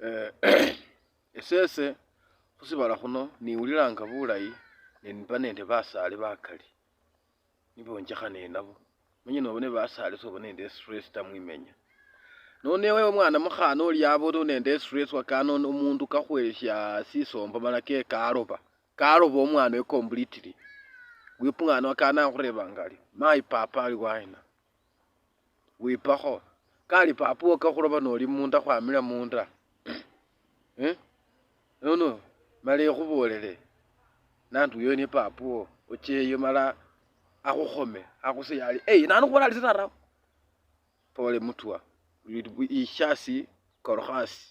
Eh, esese khusibala khuno niwulilanga bulayi nemba nende basale bakali nibonjekhana nabo manye noba ne basali soba nende stress ta mwimenya wewe omwana mukhana oli abola nende stress wakana omundu kakhwelesha sisomba mala ke karoba karoba omwana oyo completely wipa omwana wakana akhurebanga ali mayi papa ali waina wipakho kali papa woka khuroba noli munda khwamila munda Hmm? nono mala ikhubolele nanduyo ni papuwo ocheyo mala akhukhome akhuse yali eyi nani khulali pole mutwa ishasi korokhasi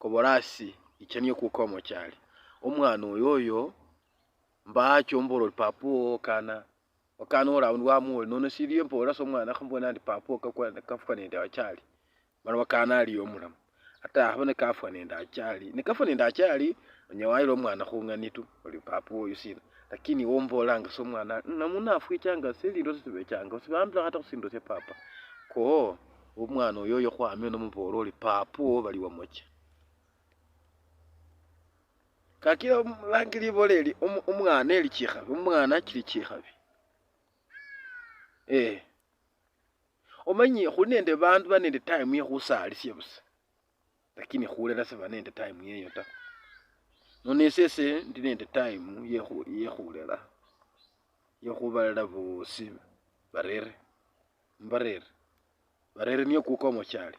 kobolasi icho niyo kukomo chali omwana oyoyo mba achombora ori papuwo kana okana ori aundi wamuwori nono siliyo mbola somwana khambona ndi papuwo kafukana ndi wachali mala wakana aliyo omulamu ate akhaba nenda achali nenda achali onyawa ayila omwana khung'ani tu oli papu oyu sina lakini wombolanga somwana namuna afwichanga silindu sesibechanga sibambila hata kusindo se papa koo kwa oyoyo khwamio nomubola oli papa owo wa mocha kakila langi libola umwana eli chikhabi omwana akili chikhabi ee eh. omanyi khuli bandu bali nende time yekhusalisya busa lakini khulera sebanende time yeyo ta nono esese ndi nende time yekhulera yekhubalala bosi barere mbarere barere niyo kuka omochali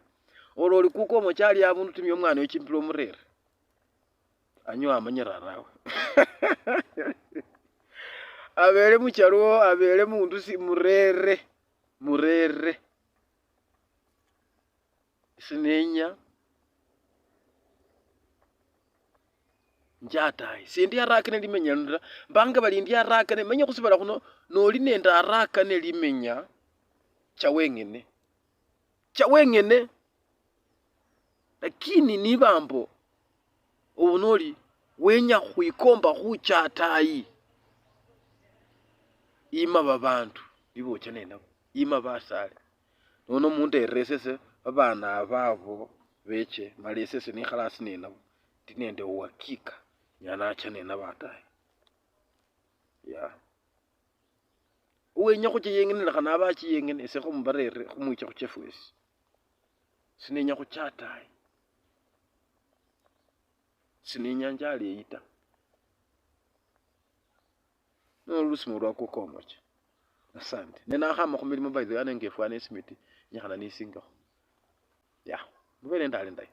olo oli kuka omochali abundu timya omwana ochimbila omurere anywa amanyira arawe abele muchalo abele mundu si murere murere sinenya njatayi sindi arakane limenya lino mbanga bali ndi arakane menya khusibala khuno noli nende arakane limenya chawengene chawengene lakini ni bambo noli wenya khwikomba khuchatayi ima babandu bibocha nenabo ima basale nono mundu eresese babana ababo beche malesese esese nikhalasi nenabo ndi nende uhakika nyanaachane na batae ya uwenya khuchiyengenela khana aba achiyengene ese khumubarere khumwicha khuchefwesi sinenya khuchatae sinenyanja aleyi ta nolusimu lwakwo komocha asante nenakhama khumilimo by the way anenge efwana esimiti nyikhana nisingakho ya mubele ndali ndayi